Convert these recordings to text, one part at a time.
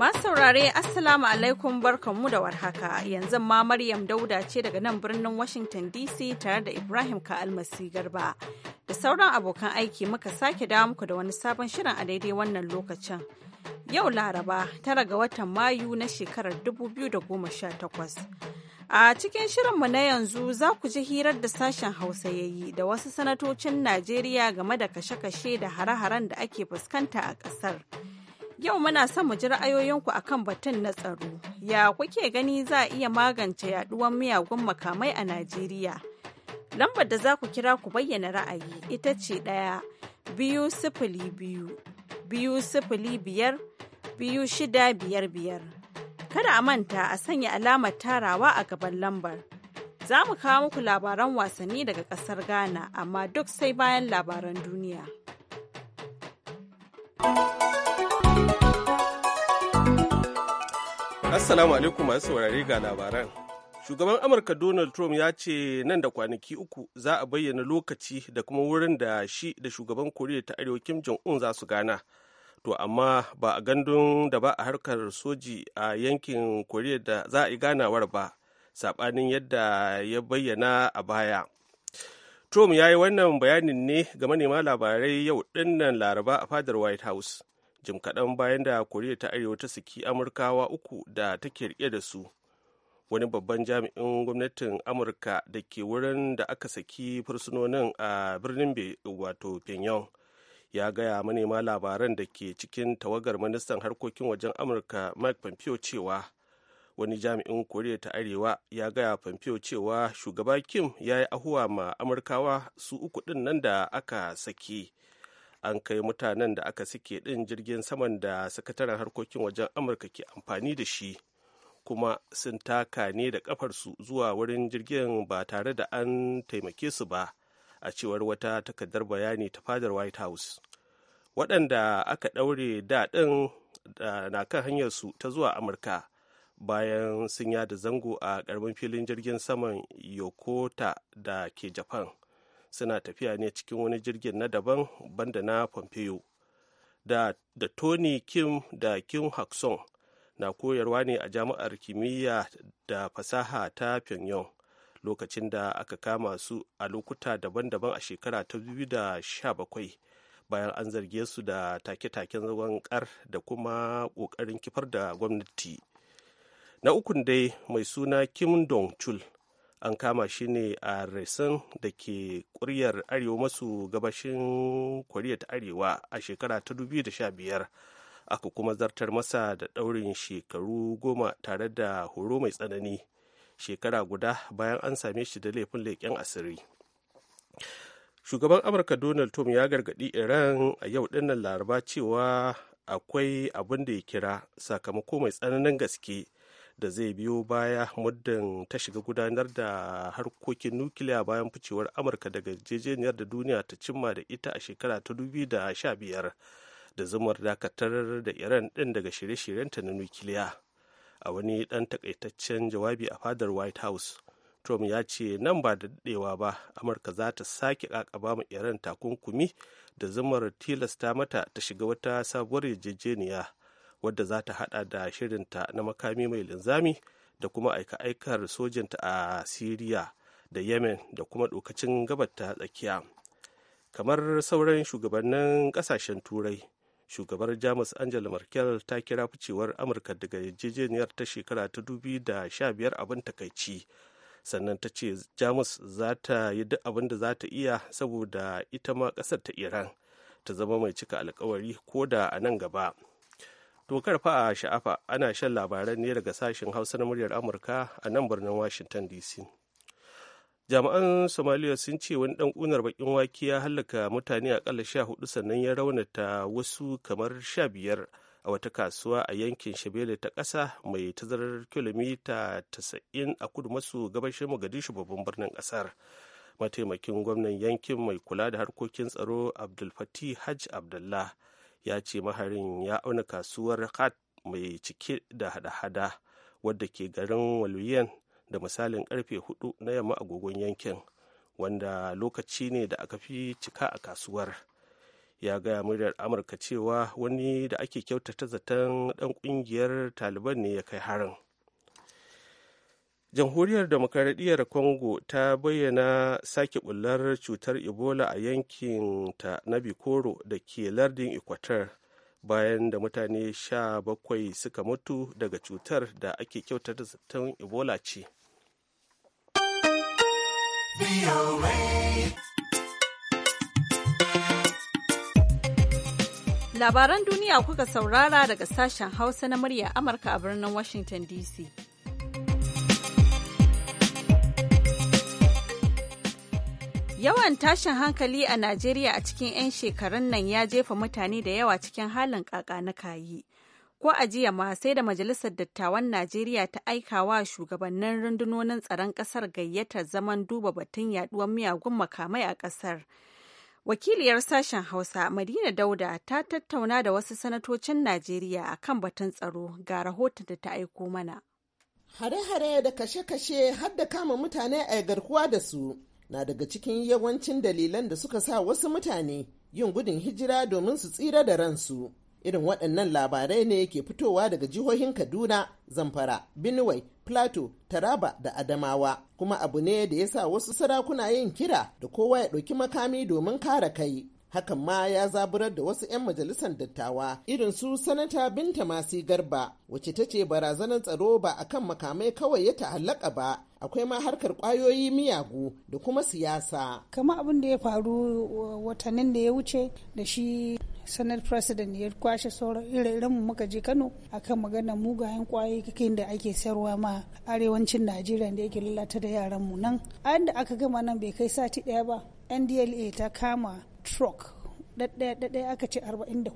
Masu saurare Assalamu alaikum barkanmu da warhaka yanzu ma Maryam Dauda ce daga nan birnin Washington DC tare da Ibrahim Ka'almasi Garba da sauran abokan aiki muka sake dawo muku da wani sabon shirin a daidai wannan lokacin. Yau Laraba tara ga watan Mayu na shekarar 2018. A cikin shirinmu na yanzu za ku ji hirar da sashen Hausa ya yi da wasu sanatocin Najeriya game da kashe-kashe da hare-haren da ake fuskanta a ƙasar. Yau muna son mu ji ra'ayoyinku akan batun na tsaro. Ya kuke gani za a iya magance yaduwar miyagun makamai a Najeriya? Lambar da za ku kira ku bayyana ra'ayi ita ce ɗaya biyu sifili biyu biyu sifili biyar biyu shida biyar biyar. Kada a manta a sanya alamar tarawa a gaban lambar. Za mu kawo muku labaran wasanni daga ƙasar Ghana amma duk sai bayan labaran duniya. Assalamu alaikum masu saurare ga labaran. Shugaban Amurka Donald Trump ya ce nan da kwanaki uku za a bayyana lokaci da kuma wurin da shi da shugaban Koriya ta Arewa Kim Jong-un za su gana. To amma ba a gandun da ba a harkar soji a yankin Koriya da za a yi ganawar ba, saɓanin yadda ya bayyana a baya. Trump ya yi wannan bayanin ne ga manema labarai yau dinnan Laraba a fadar White House. jim kaɗan bayan da koriya ta arewa ta saki amurkawa uku da take riƙe da su wani babban jami'in gwamnatin amurka da ke wurin da aka saki fursunonin a birnin wato pyongyang ya gaya manema labaran da ke cikin tawagar ministan harkokin wajen amurka mike pompeo cewa wani jami'in koriya ta arewa ya gaya pompeo cewa shugaba kim ya yi ahuwa ma amurkawa su uku ɗin nan da aka saki. an kai mutanen da aka sike ɗin jirgin saman da sakataren harkokin wajen amurka ke amfani da shi kuma sun taka ne da kafarsu zuwa wurin jirgin ba tare da an taimake su ba a cewar wata takardar bayani ta fadar white house waɗanda aka ɗaure daɗin na kan hanyarsu ta zuwa amurka bayan sun yada zango a ƙaramin filin jirgin saman yokota da ke japan suna tafiya ne cikin wani jirgin na daban banda na pompeo da, da tony kim da kim hakson na koyarwa ne a jami'ar kimiyya da fasaha ta pyongyang lokacin da aka kama su a lokuta daban-daban a shekara ta 2017 bayan an zarge su da take-taken zagon kar da kuma ƙoƙarin kifar da gwamnati na ukun dai mai suna kim dong chul an kama shi ne a resin da ke kuryar arewa masu gabashin koriya ta arewa a shekara ta da sha biyar aka kuma zartar masa da daurin shekaru goma tare da horo mai tsanani shekara guda bayan an same shi da laifin leƙen asiri shugaban amurka donald trump ya gargaɗi iran a yau dinnan laraba cewa akwai abin da ya kira sakamako mai tsananin gaske da zai biyo baya muddin ta shiga gudanar da harkokin nukiliya bayan ficewar amurka daga jejeniyar da duniya ta cimma da ita a shekara ta 2015 da da zumar dakatar da iran din daga shirye-shiryenta na nukiliya a wani dan takaitaccen jawabi a fadar white house trump ya ce nan ba da daɗewa ba amurka za ta sake kakaba ma iran takunkumi da zumar tilasta mata ta shiga wata sabuwar yarjejeniya wadda za ta hada da shirinta na makami mai linzami da kuma aika-aikar sojinta a siriya da yemen da kuma dokacin gabata tsakiya kamar sauran shugabannin kasashen turai shugabar jamus angela merkel ta kira ficewar amurka daga yarjejeniyar ta shekara ta dubi da sha biyar abin takaici sannan ta ce jamus za ta yi duk abin da za ta iya saboda ita ma kasar ta iran ta zama mai cika alkawari ko da a nan gaba To karfa a sha'afa ana shan labaran ne daga sashen Hausa na muryar Amurka a nan birnin Washington DC. Jami'an Somaliya sun ce wani dan kunar bakin wake ya hallaka mutane akalla sha hudu sannan ya raunata wasu kamar sha biyar a wata kasuwa a yankin Shabele ta ƙasa mai tazarar kilomita 90 a kudu maso gabashin Mogadishu babban birnin ƙasar. Mataimakin gwamnan yankin mai kula da harkokin tsaro Abdulfatih Hajj Abdullah ya ce maharin ya auna kasuwar hat mai cike da hada-hada wadda ke garin waluyen da misalin karfe 4 na yamma agogon yankin wanda lokaci ne da aka fi cika a kasuwar ya gaya muryar amurka cewa wani da ake kyautata zaton dan kungiyar taliban ne ya kai harin jamhuriyar demokaradiyyar congo ta bayyana sake bullar cutar ebola a yankin ta na bikoro da ke lardin equator bayan da mutane sha bakwai suka mutu daga cutar da ake kyautar zaton ebola ce labaran duniya kuka saurara daga sashen hausa na murya amurka a birnin washington dc Yawan tashin hankali a Najeriya a cikin 'yan shekarun nan ya jefa mutane da yawa cikin halin kaka na kayi. Ko a jiya ma sai da Majalisar Dattawan Najeriya ta aika wa shugabannin rundunonin tsaron ƙasar gayyatar zaman duba batun yaduwar miyagun makamai a ƙasar. Wakiliyar sashen Hausa Madina Dauda ta tattauna da wasu sanatocin Najeriya a kan batun tsaro ga rahoton da ta aiko mana. Hare-hare da kashe-kashe har da kama mutane a garkuwa da su na daga cikin yawancin dalilan da suka sa wasu mutane yin gudun hijira domin su tsira da ransu. Irin waɗannan labarai ne ke fitowa daga jihohin Kaduna, Zamfara, Benue, Plateau, Taraba da Adamawa, kuma abu ne da ya sa wasu sarakuna yin kira da kowa ya ɗauki makami domin kare kai. hakan ma ya zaburar da wasu 'yan majalisar dattawa irin su sanata binta masu garba wacce ta ce barazanar tsaro ba a kan makamai kawai ya ta'allaka ba akwai ma harkar kwayoyi miyagu da kuma siyasa kama abin da ya faru watannin da ya wuce da shi sanar president ya kwashe sauran ire mu muka je kano akan magana mugayen kakin da ake sayarwa ma arewacin najeriya da yake lalata da yaran mu nan an da aka gama nan bai kai sati daya ba ndla ta kama truck ɗaɗɗaya aka ce 44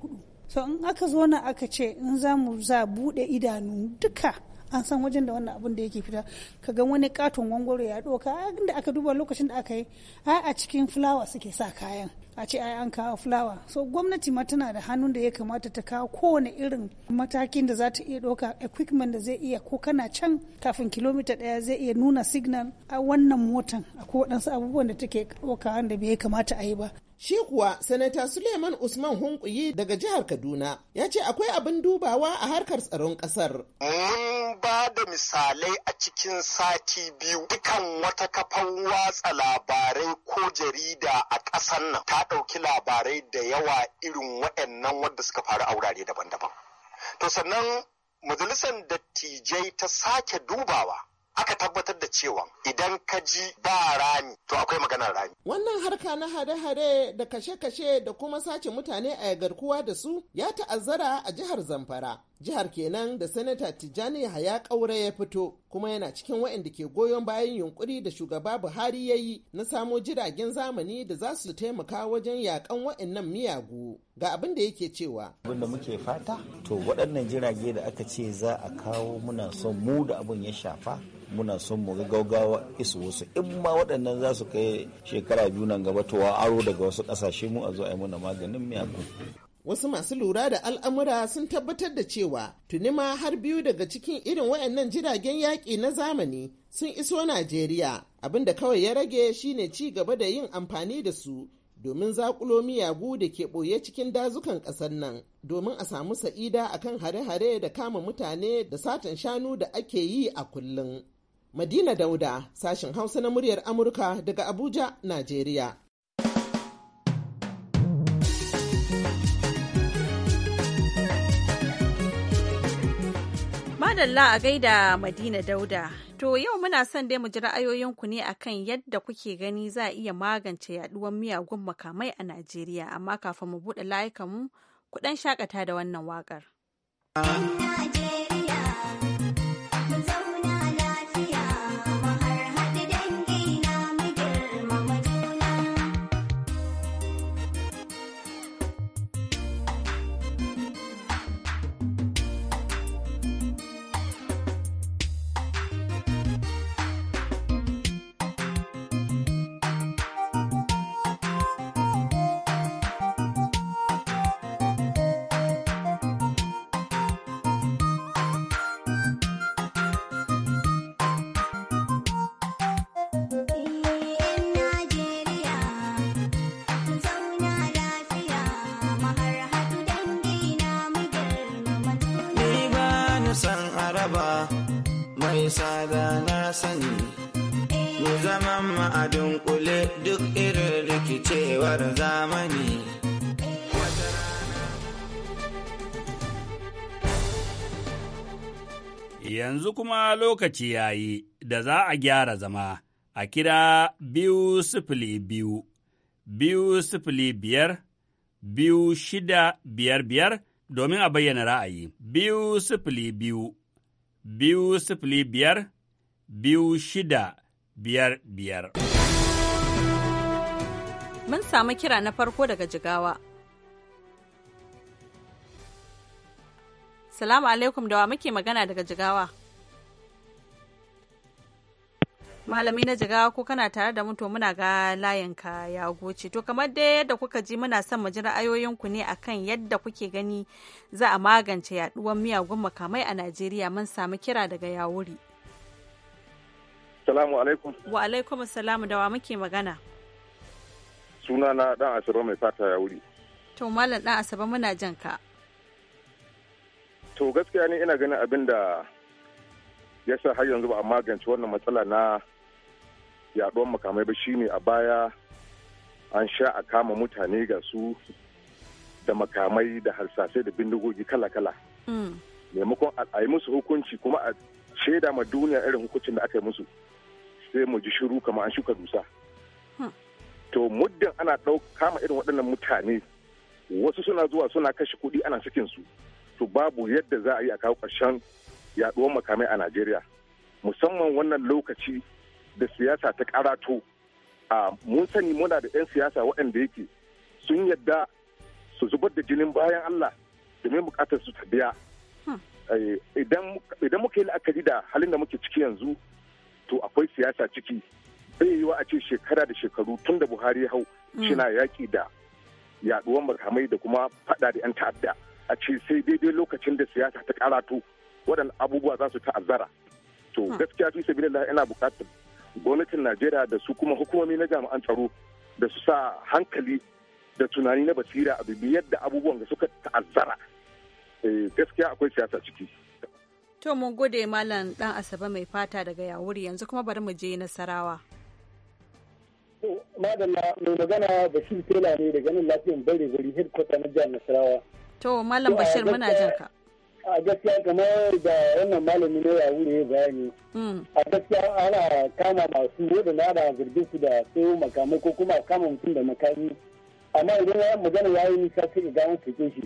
so in aka zo na aka ce in za mu za buɗe idanu duka an san wajen da wannan abin da yake fita ka ga wani katon gwangwaro ya doka inda aka duba lokacin da aka yi a a cikin fulawa suke sa kayan a ce ai an kawo fulawa so gwamnati ma tana da hannun da ya kamata ta kawo kowane irin matakin da za ta iya doka equipment da zai iya ko kana can kafin kilomita daya zai iya nuna signal a wannan motan akwai waɗansu abubuwan da take doka wanda bai kamata a yi ba Shi kuwa Sanata Suleiman Usman Hunkuyi daga jihar Kaduna ya ce akwai abin dubawa a harkar tsaron ƙasar. Mun ba da misalai a cikin sati biyu dukan wata kafan watsa labarai ko jarida a ƙasar nan ta ɗauki labarai da yawa irin waɗannan wadda suka faru a wurare daban-daban. To sannan majalisar dattijai ta sake dubawa aka tabbatar da cewa idan ka ji ba rami to akwai maganar rami. Wannan harka na hare-hare da kashe-kashe da kuma sace mutane a garkuwa da su ya ta'azzara a jihar Zamfara. jihar kenan da sanata tijjani haya kaure ya fito kuma yana cikin waɗanda ke goyon bayan yunkuri da shugaba buhari ya yi na samo jiragen zamani da za su taimaka wajen yakan waɗannan miyagu ga abin da yake cewa abin da muke fata to waɗannan jirage da aka ce za a kawo muna son mu da abin ya shafa muna son mu ga gaugawa isu wasu in ma waɗannan za su kai shekara biyu nan gaba to aro daga wasu ƙasashe mu a zo a yi muna maganin miyagu Wasu masu lura da al'amura sun tabbatar da cewa tuni ma har biyu daga cikin irin wayannan jiragen yaƙi na zamani sun iso Najeriya Abin da kawai ya rage shine ci gaba da yin amfani da su domin zakulo miyagu da ke ɓoye cikin dazukan ƙasar nan domin a samu sa'ida a kan hare-hare da kama mutane da satan shanu da ake yi a kullum. Madina Dauda, sashen Hausa na muryar Amurka daga Abuja, Najeriya. Allah a gaida Madina Dauda. To yau muna son dai mu ji ra'ayoyinku ne akan yadda kuke gani za a iya magance yaduwar miyagun makamai a Najeriya, amma kafin mu buɗe layukanmu, kuɗan shakata da wannan waƙar. nisa da na sani mu zaman mu a duk irin rikicewar zamani Yanzu kuma lokaci ya yi da za a gyara zama a kira biyu sifili biyu, biyu sifili biyar, biyu shida biyar biyar domin a bayyana ra'ayi, biyu sifili biyu. biyu sifili biyar biyu shida biyar biyar. Mun samu kira na farko daga jigawa. Salamu alaikum da wa muke magana daga jigawa. malami na jiga ko kana tare da mu to muna ga layinka ya goce to kamar dai yadda kuka ji muna son mu ji ra'ayoyinku ne akan yadda kuke gani za a magance yaduwar miyagun makamai a najeriya mun samu kira daga yawuri salamu alaikum wa alaikum salamu dawa muke magana suna na dan asaba mai fata yawuri to malam dan asaba muna jan ka to gaskiya ne ina ganin abin da sa har yanzu ba a magance wannan matsala na yaduwar makamai ba shine a baya an sha a kama mutane ga su da makamai da harsasai da bindigogi kala-kala mm. maimakon a yi musu hukunci kuma a shaida ma duniya irin hukuncin da aka yi musu sai mu ji shiru kamar an shuka dusa hmm. to muddin ana kama irin waɗannan mutane wasu suna zuwa suna kashe kuɗi ana cikin su to babu yadda za a yi a kawo ƙarshen yaduwar makamai a najeriya musamman wannan lokaci da siyasa ta karato a mun sani muna da 'yan siyasa waɗanda yake sun yadda su zubar da jinin bayan allah mai bukatar su ta biya hmm. eh, idan muka yi la'akari da halin da muke ciki yanzu to akwai siyasa ciki bai yiwa a ce shekara da shekaru tun da buhari hau hmm. shina yaƙi da yaduwar makamai da kuma fada da 'yan ta'adda a ce sai daidai lokacin da siyasa ta karatu waɗannan abubuwa za su ta'azzara to hmm. gaskiya fi sabilillah ina buƙatar gwamnatin Najeriya da su kuma hukumomi na jami'an tsaro da su sa hankali da tunani na basira a bibiyar yadda abubuwan da suka ta'azzara eh, gaskiya akwai siyasa ciki to mun gode malam dan asabe mai fata daga yawuri yanzu kuma bari mu je nasarawa madalla mai magana bashir tela ne daga nan lafiyan bare gari headquarter na jihar nasarawa to malam bashir muna jinka a gaskiya kamar da wannan malami ne ya wuri ya bayani hmm. a gaskiya ana kama masu na da zargin su da su makamai ko kuma kama mutum da makami amma idan ya magana ya yi nisa sai ga gawon sake shi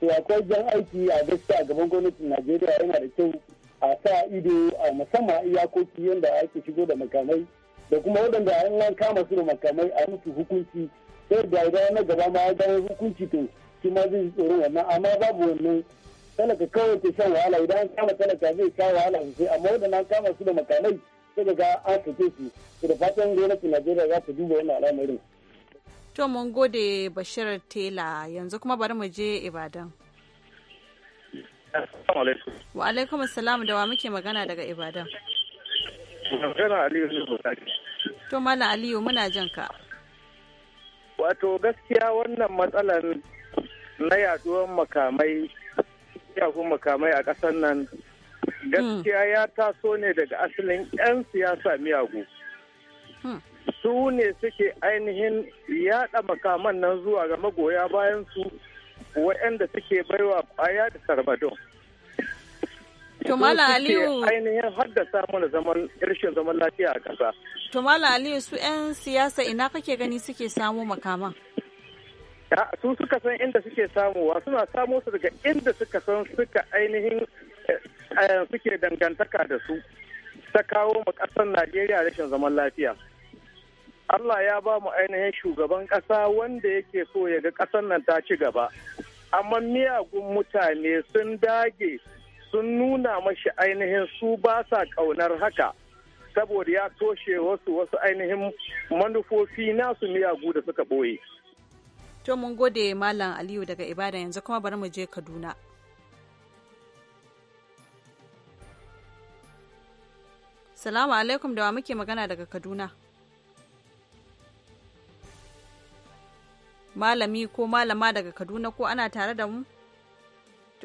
to akwai jan aiki a gaskiya gaban gwamnatin najeriya yana da kyau a sa ido a musamman iyakoki yadda ake shigo da makamai da kuma waɗanda an kama su da makamai a musu hukunci sai da idan na gaba ma ya gano hukunci to shi ma zai tsoron wannan amma babu wannan talaka kawai ke shan wahala idan an kama talaka zai sha wahala sosai amma waɗannan kama su da makamai sai ga an kake su su da fatan gwamnatin Najeriya za ta duba wannan al'amarin. To mun gode Bashir Tela yanzu kuma bari mu je Ibadan. Wa alaikum salam da wa muke magana daga Ibadan. Magana Aliyu Zulfusaki. To Malam Aliyu muna jan ka. Wato gaskiya wannan matsalar na yaduwar makamai shafi makamai a ƙasar nan gaskiya ya taso ne daga asalin 'yan siyasa miyagu hmm. su ne suke ainihin yada makaman nan zuwa ga magoya bayan su waɗanda suke baiwa baya da sarmadon Tumala Aliyu ainihin haddasa mana zaman rashin zaman lafiya a kasa Tumala Aliyu su 'yan siyasa ina kake gani suke samu makaman? su suka san inda suke samuwa suna samo su daga inda suka san suka ainihin eh, eh, suke dangantaka da su ta kawo ma ƙasar najeriya rashin zaman lafiya allah ya ba mu ainihin shugaban ƙasa wanda yake so ya ga ƙasar nan ta ci gaba amma miyagun mutane sun dage sun nuna mashi ainihin su ba sa ƙaunar haka saboda ya toshe wasu wasu ainihin manufofi nasu miyagu da suka ɓoye. to mun gode malam aliyu daga ibada yanzu kuma bari mu je kaduna salamu alaikum da wa muke magana daga kaduna malami ko malama daga kaduna ko ana tare da mu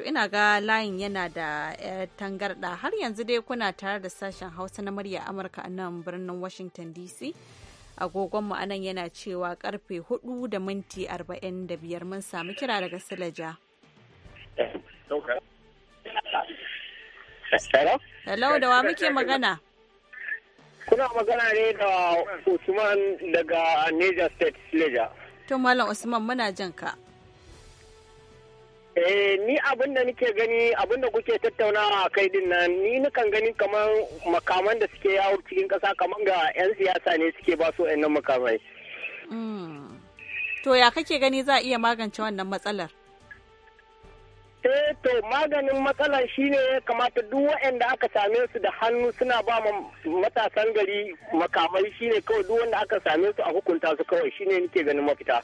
to ina ga layin yana da eh, tangarda har yanzu dai kuna tare da sashen hausa na murya amurka a nan birnin washington dc agogonmu anan yana cewa karfe 4 da minti 45 mun samu kira daga silaja hello da wa muke magana kuna magana ne da usman daga niger state silaja tun malam usman muna jinka. ka Eh ni abin da nake gani abin da kuke tattaunawa a kai din nan ni nukan gani kamar makaman da suke yawo cikin kasa kamar ga 'yan siyasa ne suke ba su nan makamai. Hmm. To ya kake gani za a iya magance wannan matsalar? Eh to maganin matsalar shine ya kamata duk waɗanda aka same su da hannu suna ba matasan gari makamai shine kawai duk wanda aka same su a hukunta su kawai shine nake ganin mafita.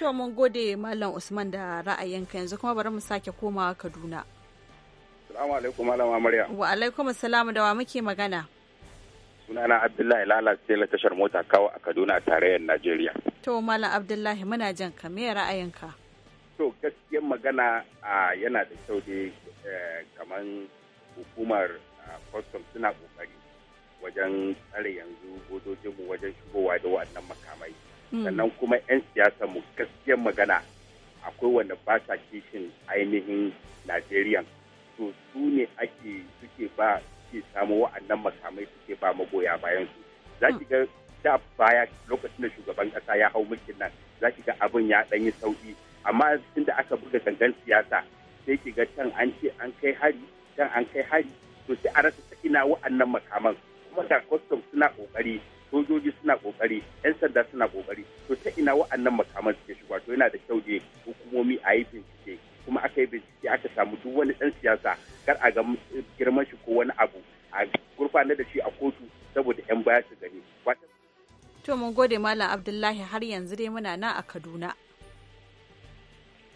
To mun gode Malam Usman da ra'ayinka yanzu kuma bari mu sake komawa Kaduna. Assalamu alaikum Malam Amarya. Wa alaikum assalam da wa muke magana. Sunana Abdullahi Lalace na tashar mota kawo a Kaduna tarayyar Najeriya. To Malam Abdullahi muna jan ka me ra'ayinka? To gaskiya magana yana da kyau dai eh, kamar hukumar custom suna kokari wajen tsare yanzu godojinmu wajen shigowa da waɗannan makamai. Mm. sannan kuma 'yan siyasa mu gaskiyar magana akwai wanda ba sa kishin ainihin najeriya to su ne ake suke ba ke samu wa'annan makamai suke ba magoya bayan su za ki ga da baya lokacin da shugaban kasa ya hau mulkin nan za ki ga abin ya ɗanyi sauki amma tunda aka buga gangan siyasa sai ki ga can an ce an kai hari can an kai hari to sai a rasa ta ina wa'annan makaman kuma da kwastom suna kokari sojoji suna kokari yan sanda suna kokari to ta ina wa'annan makaman suke shiga to yana da kyau da hukumomi a yi bincike kuma aka yi bincike aka samu duk wani dan siyasa kar a ga girman shi ko wani abu a gurfanar da shi a kotu saboda yan baya su gani to mun gode malam abdullahi har yanzu dai muna nan a kaduna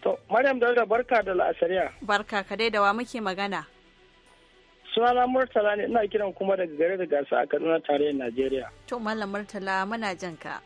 to maryam dauda barka da la'asariya barka ka da wa muke magana sunana murtala ne ina kiran kuma daga gare da gasa a kaduna tarayyar najeriya to mallam murtala muna jan ka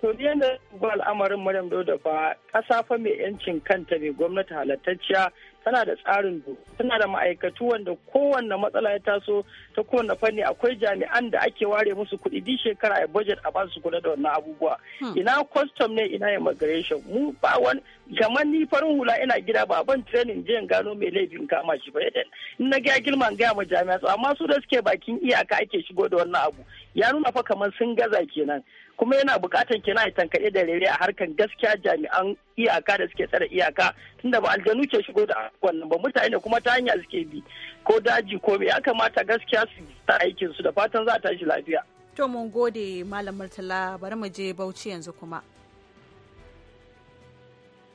to ni yadda ba al'amarin maryam dauda fa kasafa fa mai yancin kanta mai gwamnati halattacciya tana da tsarin do tana da ma'aikatu wanda kowanne matsala ya taso ta kowanne fanni akwai jami'an da ake ware musu kuɗi duk shekara a budget a basu kula da wannan abubuwa hmm. ina custom ne ina immigration mu ba wani kamar ni farin hula ina gida ba ban training je in gano mai laifin kama shi ba eh, eh, in na ga girma gaya ma jami'a amma su da suke bakin iyaka ake shigo da wannan abu ya nuna fa kamar sun gaza kenan kuma yana bukatan kenan ya tankaɗe da rere a harkan gaskiya jami'an iyaka da suke tsare iyaka tunda ba aljanu ke shigo da wannan ba mutane kuma ta hanya suke bi ko daji ko ya kamata gaskiya su ta aikin su da fatan za ta shi lafiya to mun gode malam murtala bari mu je bauchi yanzu kuma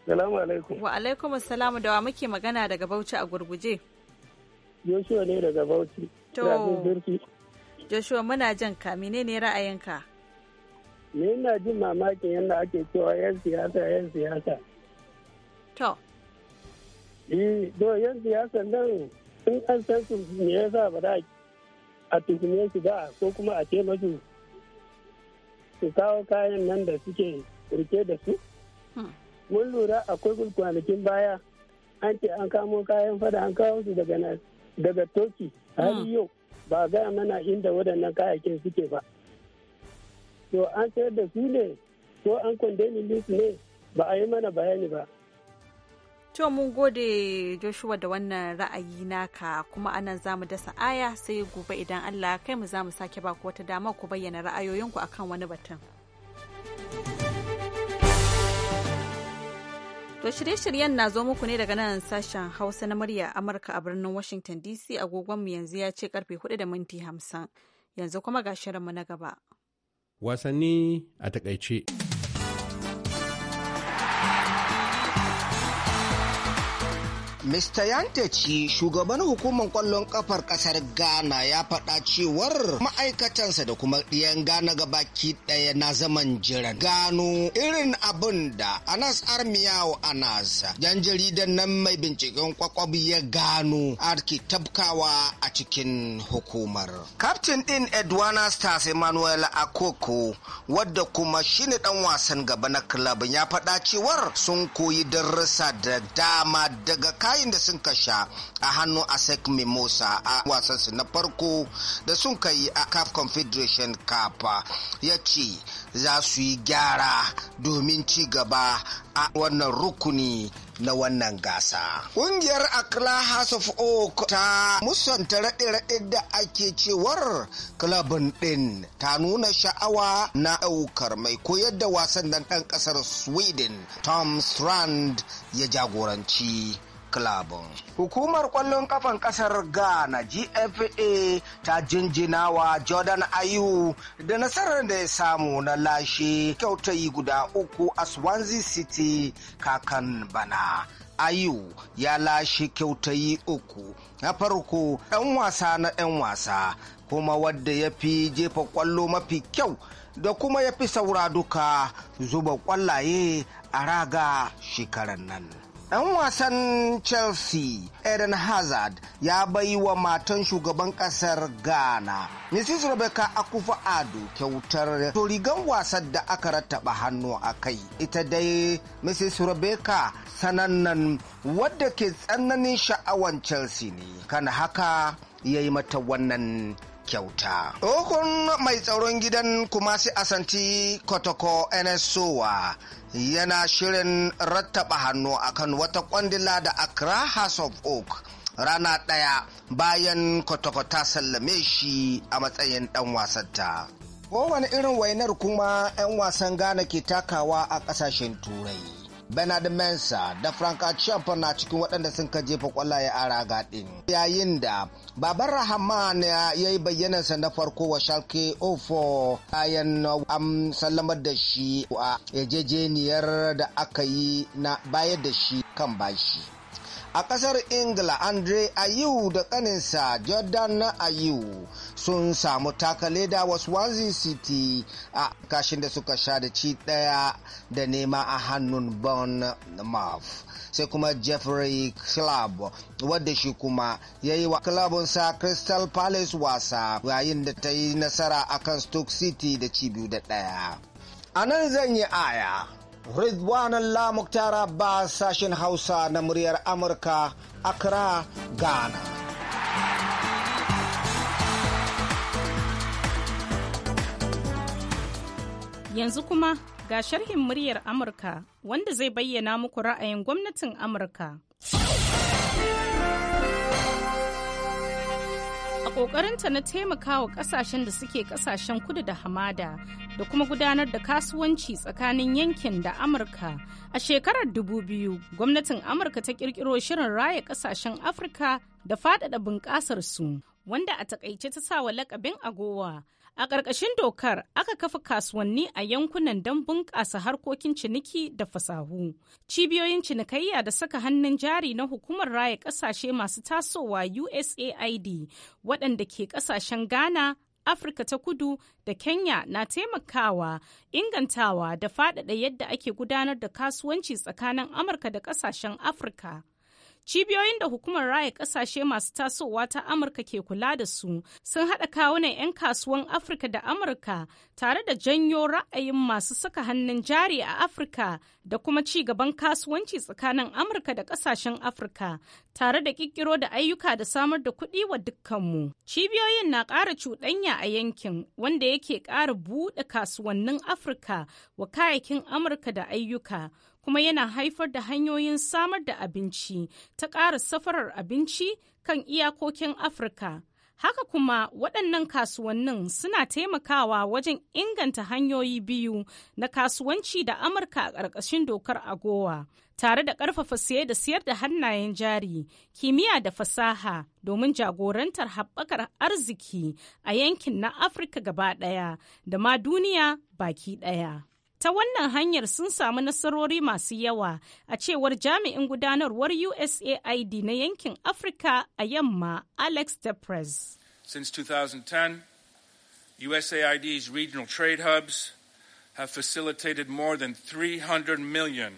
Salamu alaikum. Wa alaikum assalam da wa muke magana daga Bauchi a gurguje. Joshua ne daga Bauchi. To, Joshua muna jin ka menene ra'ayinka? me ina jin mamakin yadda ake cewa yan siyasa yan siyasa to eh do yan siyasa nan in an san su me yasa ba da a tuhume su ba ko kuma a ce masu su kawo kayan nan da suke rike da su hmm. mun lura akwai kwanakin baya an ce an kamo kayan fada an kawo su daga toki har hmm. yau ba gaya mana inda waɗannan kayakin suke ba to an sayar da su ne ko an ni list ne ba a yi mana bayani ba To mun gode Joshua da wannan ra'ayi naka kuma anan zamu dasa aya sai gobe idan Allah kai mu zamu sake ba ku wata dama ku bayyana ra'ayoyinku akan wani batun. To shirye-shiryen na zo muku ne daga nan sashen Hausa na murya Amurka a birnin Washington DC agogonmu yanzu ya ce karfe 4 da minti 50. Yanzu kuma ga shirinmu na gaba. wasanni a takaice. Mr. Yantechi shugaban hukumar kwallon kafar kasar Ghana ya faɗa cewar ma'aikatansa da kuma ɗiyan Ghana gabaki ɗaya na zaman jiran gano irin abin da Anas Armiyawo Anas yan jaridan nan mai binciken kwakwab ya gano arki tabkawa a cikin hukumar. Kaftin ɗin Edwana Stars Emmanuel Akoko wadda kuma shine ɗan wasan gaba na ya faɗa cewar sun koyi darussa da dama daga shayin da sun kasha a hannun asec mimosa a wasansu na farko da sun kai a caf confederation cup ya ce za su yi gyara domin ci gaba a wannan rukuni na wannan gasa. Ƙungiyar Accra House of Oak ta musanta raɗe-raɗe da ake cewar kilabin ɗin ta nuna sha'awa na ɗaukar mai koyar da wasan nan ɗan ƙasar Sweden Tom Strand ya jagoranci club hukumar kwallon kafan kasar ghana gfa ta jinjina wa jordan ayu da nasarar da ya samu na lashe kyautayi guda uku a swansea city kakan bana ayu ya lashe kyautayi uku na farko ‘yan wasa na 'yan wasa kuma wadda ya fi jefa kwallo mafi kyau da kuma ya fi saura duka zuba kwallaye a raga shekaran nan Ɗan wasan Chelsea Eden Hazard ya bai wa matan shugaban ƙasar Ghana, Mrs. Rebecca Akufa Ado kyautar rigan wasan da aka rattaba hannu a kai. Ita dai Mrs. Rebecca sanannen wadda ke tsananin sha'awan Chelsea ne, kan haka ya yi mata wannan kyauta. Tsohon mai tsaron gidan Kumasi Asanti Kotoko NSOA yana shirin rattaba hannu akan wata kwandila da Accra House of Oak rana ɗaya bayan Kotoko ta sallame shi a matsayin ɗan wasanta. Kowane irin wainar kuma 'yan wasan Ghana ke takawa a ƙasashen Turai. Bernard Mensa da Franka Champ na cikin waɗanda sun ka jefa kwallaye a raga ɗin. Yayin da babar Rahman ya yi bayyanansa na farko wa shalke 04 bayan an sallamar da shi a yarjejeniyar da aka yi na bayar da shi kan bashi. A ƙasar Ingila, Andre Ayew da ƙaninsa Jordan Ayew sun samu takale da wasu wanzi city a kashin da suka sha da ci daya da nema a hannun bon sai kuma jeffrey club wadda shi kuma ya yi wa clubinsa crystal palace wasa yayin da ta yi nasara a kan stoke city da ci biyu da daya a nan zan yi aya Ridwan Allah Mukhtar sashen Hausa na muryar Amurka, Accra, Ghana. Yanzu kuma ga sharhin muryar Amurka wanda zai bayyana muku ra'ayin gwamnatin Amurka. A ƙoƙarinta na taimakawa ƙasashen da suke ƙasashen kudu da hamada da kuma gudanar da kasuwanci tsakanin yankin da Amurka. A shekarar 2000, gwamnatin Amurka ta ƙirƙiro shirin raya ƙasashen Afirka da faɗaɗa bunƙasar su, wanda a takaice ta sa wa lakabin agowa. A ƙarƙashin dokar aka kafa kasuwanni a yankunan don bunƙasa harkokin ciniki da fasahu. Cibiyoyin cinikayya da saka hannun jari na hukumar raya ƙasashe masu tasowa USAID waɗanda ke ƙasashen Ghana, Afirka ta kudu da Kenya na taimakawa, ingantawa da faɗaɗa yadda ake gudanar da kasuwanci tsakanin Amurka da ƙasashen Afirka. Cibiyoyin da hukumar raya kasashe masu tasowa ta Amurka ke kula da su sun haɗa kawunan 'yan kasuwan Afirka da Amurka tare da janyo ra'ayin masu saka hannun jari a Afirka da kuma ci gaban kasuwanci tsakanin Amurka da kasashen Afirka tare da ƙirƙiro da ayyuka da samar da kuɗi wa dukkanmu. Cibiyoyin na ƙara cuɗanya a yankin wanda yake ƙara buɗe kasuwannin Afirka wa kayayyakin Amurka da ayyuka. kuma yana haifar da hanyoyin samar da abinci ta ƙara safarar abinci kan iyakokin Afirka. Haka kuma waɗannan kasuwannin suna taimakawa wajen inganta hanyoyi biyu na kasuwanci da Amurka a ƙarƙashin dokar agowa, tare da ƙarfafa siye da siyar da hannayen jari, kimiyya da fasaha domin jagorantar haɓakar arziki a yankin na Afirka gaba ɗaya da ma duniya baki ɗaya. Ta wannan hanyar sun samu nasarori masu yawa a cewar jami'in gudanarwar USAID na yankin Afirka a yamma Alex Since 2010, USAID's regional trade hubs have facilitated more than 300 million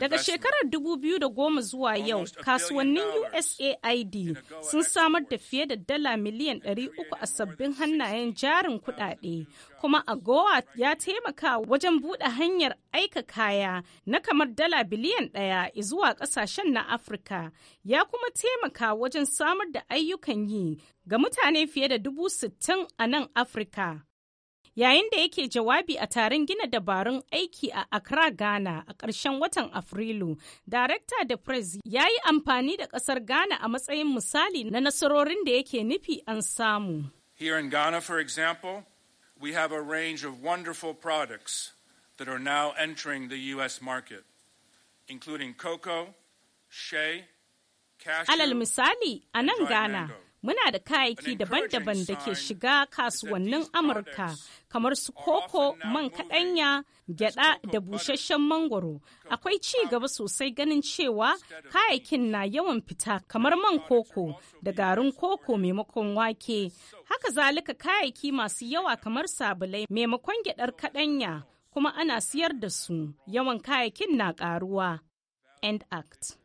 Daga shekarar 2010 zuwa yau, kasuwannin USAID sun samar da fiye da dala miliyan 300 a sabbin hannayen jarin kudade, kuma AGOA ya taimaka wajen buɗe hanyar aika kaya na kamar dala biliyan ɗaya zuwa ƙasashen na Afirka, ya kuma taimaka wajen samar da ayyukan yi ga mutane fiye da dubu sittin a nan Afirka. yayin da yake jawabi a taron gina dabarun aiki a Accra, Ghana a ƙarshen watan Afrilu. Darekta da Prez ya yi amfani da ƙasar Ghana a matsayin misali na nasarorin da yake nufi an samu. Here in Ghana, for example, we have a range of wonderful products that are now entering the U.S. market, including cocoa, shea, Alal misali a nan Ghana Muna da kayayyaki daban-daban da ke shiga kasuwannin Amurka kamar su koko, man kaɗanya, gyada da busasshen mangoro. Akwai ci gaba sosai ganin cewa kayayyakin na yawan fita kamar man koko da garin koko maimakon wake. Haka zalika kayayyaki masu yawa kamar sabulai maimakon gyadar kaɗanya kuma ana siyar da su yawan kayakin na ƙaruwa. End Act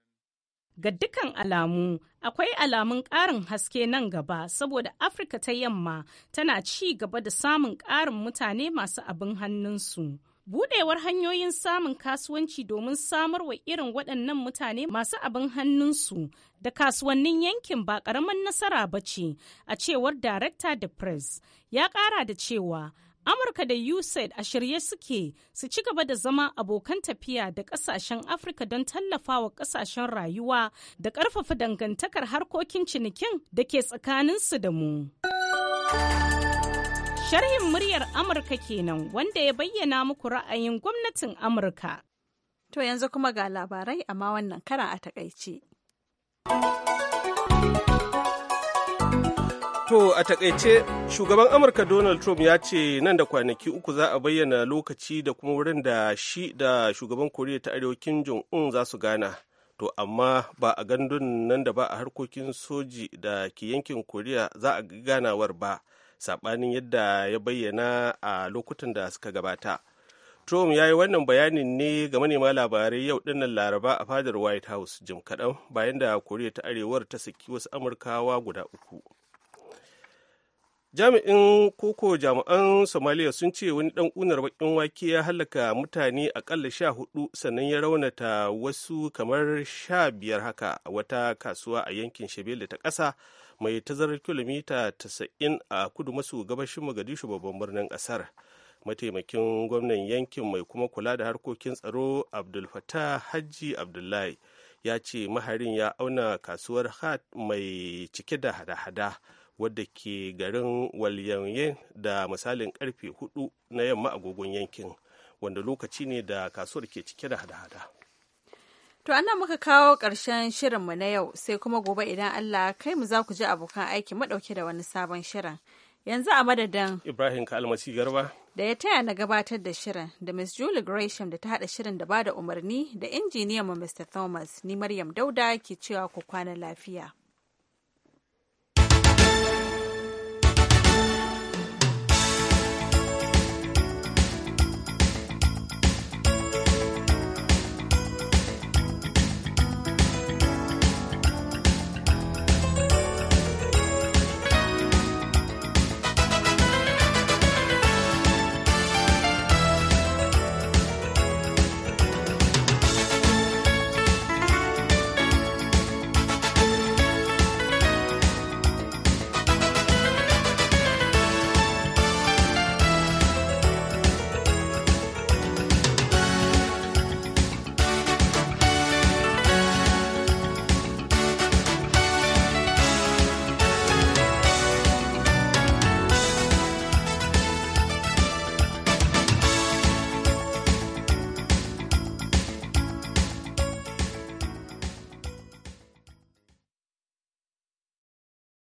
Ga dukkan alamu, akwai alamun ƙarin haske nan gaba saboda Afirka ta yamma tana ci gaba da samun ƙarin mutane masu abin hannunsu. Budewar hanyoyin samun kasuwanci domin samar wa irin waɗannan mutane masu abin hannunsu da kasuwannin yankin ba ƙaramin nasara ba ce, a cewar Director de Press. Ya ƙara da cewa, Amurka da USAID a shirye suke su ci gaba da zama abokan tafiya da ƙasashen Afirka don tallafawa ƙasashen rayuwa da ƙarfafa dangantakar harkokin cinikin da ke tsakaninsu da mu. Sharhin muryar Amurka kenan wanda ya bayyana muku ra'ayin gwamnatin Amurka. To yanzu kuma ga labarai amma wannan karan a takaice. To a takaice shugaban Amurka Donald Trump ya ce nan da kwanaki uku za a bayyana lokaci da kuma wurin da shi da shugaban Koriya ta Arewa Kim Jong-un za su gana. To amma ba a gandun nan da ba a harkokin soji da ke yankin Koriya za a ganawar ba, saɓanin yadda ya bayyana a lokutan da suka gabata. Trump ya yi wannan bayanin ne ga manema labarai yau dinnan Laraba a fadar White House jim kaɗan bayan da Koriya ta Arewar ta saki wasu Amurkawa guda uku. jami'in koko jami'an somaliya sun ce wani dan unar bakin wake ya halaka mutane akalla sha hudu sannan ya raunata wasu kamar sha biyar haka a wata kasuwa a yankin shebele ta ƙasa mai tazarar kilomita 90 a kudu maso gabashin mogadishu babban birnin ƙasar mataimakin gwamnan yankin mai kuma kula da harkokin tsaro abdulfata hajji abdullahi ya ce maharin ya auna kasuwar hat mai cike da hada-hada wadda ke garin walyanye da misalin karfe hudu na yamma agogon yankin wanda lokaci ne da kasuwar ke cike da hada-hada. To annan muka kawo ƙarshen shirinmu na yau sai kuma gobe idan Allah kai mu za ku ji abokan aiki madauke da wani sabon shirin. Yanzu a madadin Ibrahim Kalmasi Garba da ya taya na gabatar da shirin da Miss Julie Gresham da ta hada shirin da ba da umarni da injiniyan mu Mr. Thomas ni Maryam Dauda ke cewa ku kwana lafiya.